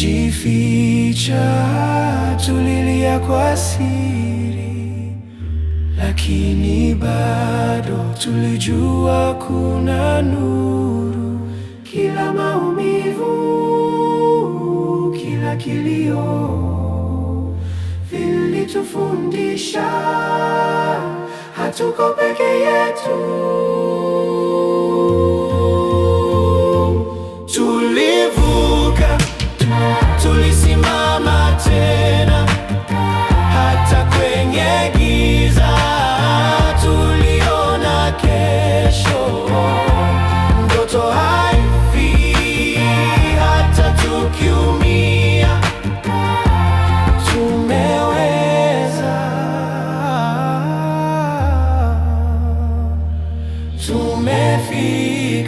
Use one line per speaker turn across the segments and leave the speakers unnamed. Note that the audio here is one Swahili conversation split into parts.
Tulijificha, tulilia kwa siri, lakini bado tulijua kuna nuru. Kila maumivu, kila kilio vilitufundisha hatuko peke yetu.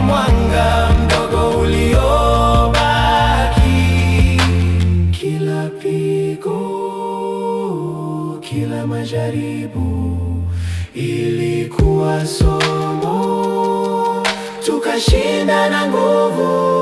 mwanga mdogo uliobaki. Kila pigo, kila majaribu ilikuwa somo, tukashinda na nguvu